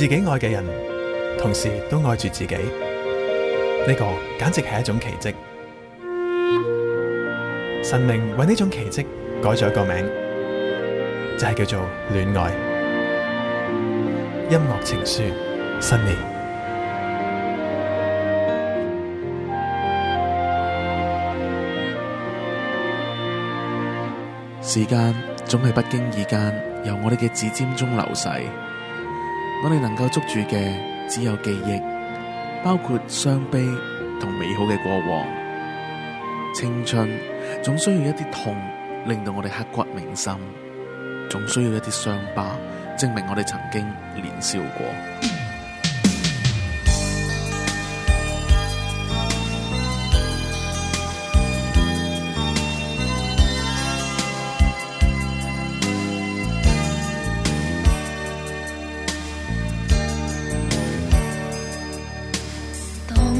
自己愛嘅人，同時都愛住自己，呢、這個簡直係一種奇蹟。神明為呢種奇蹟改咗個名，就係、是、叫做戀愛。音樂情書，新年。時間總係不經意間由我哋嘅指尖中流逝。我哋能夠捉住嘅只有記憶，包括傷悲同美好嘅過往。青春總需要一啲痛，令到我哋刻骨銘心；總需要一啲傷疤，證明我哋曾經年少過。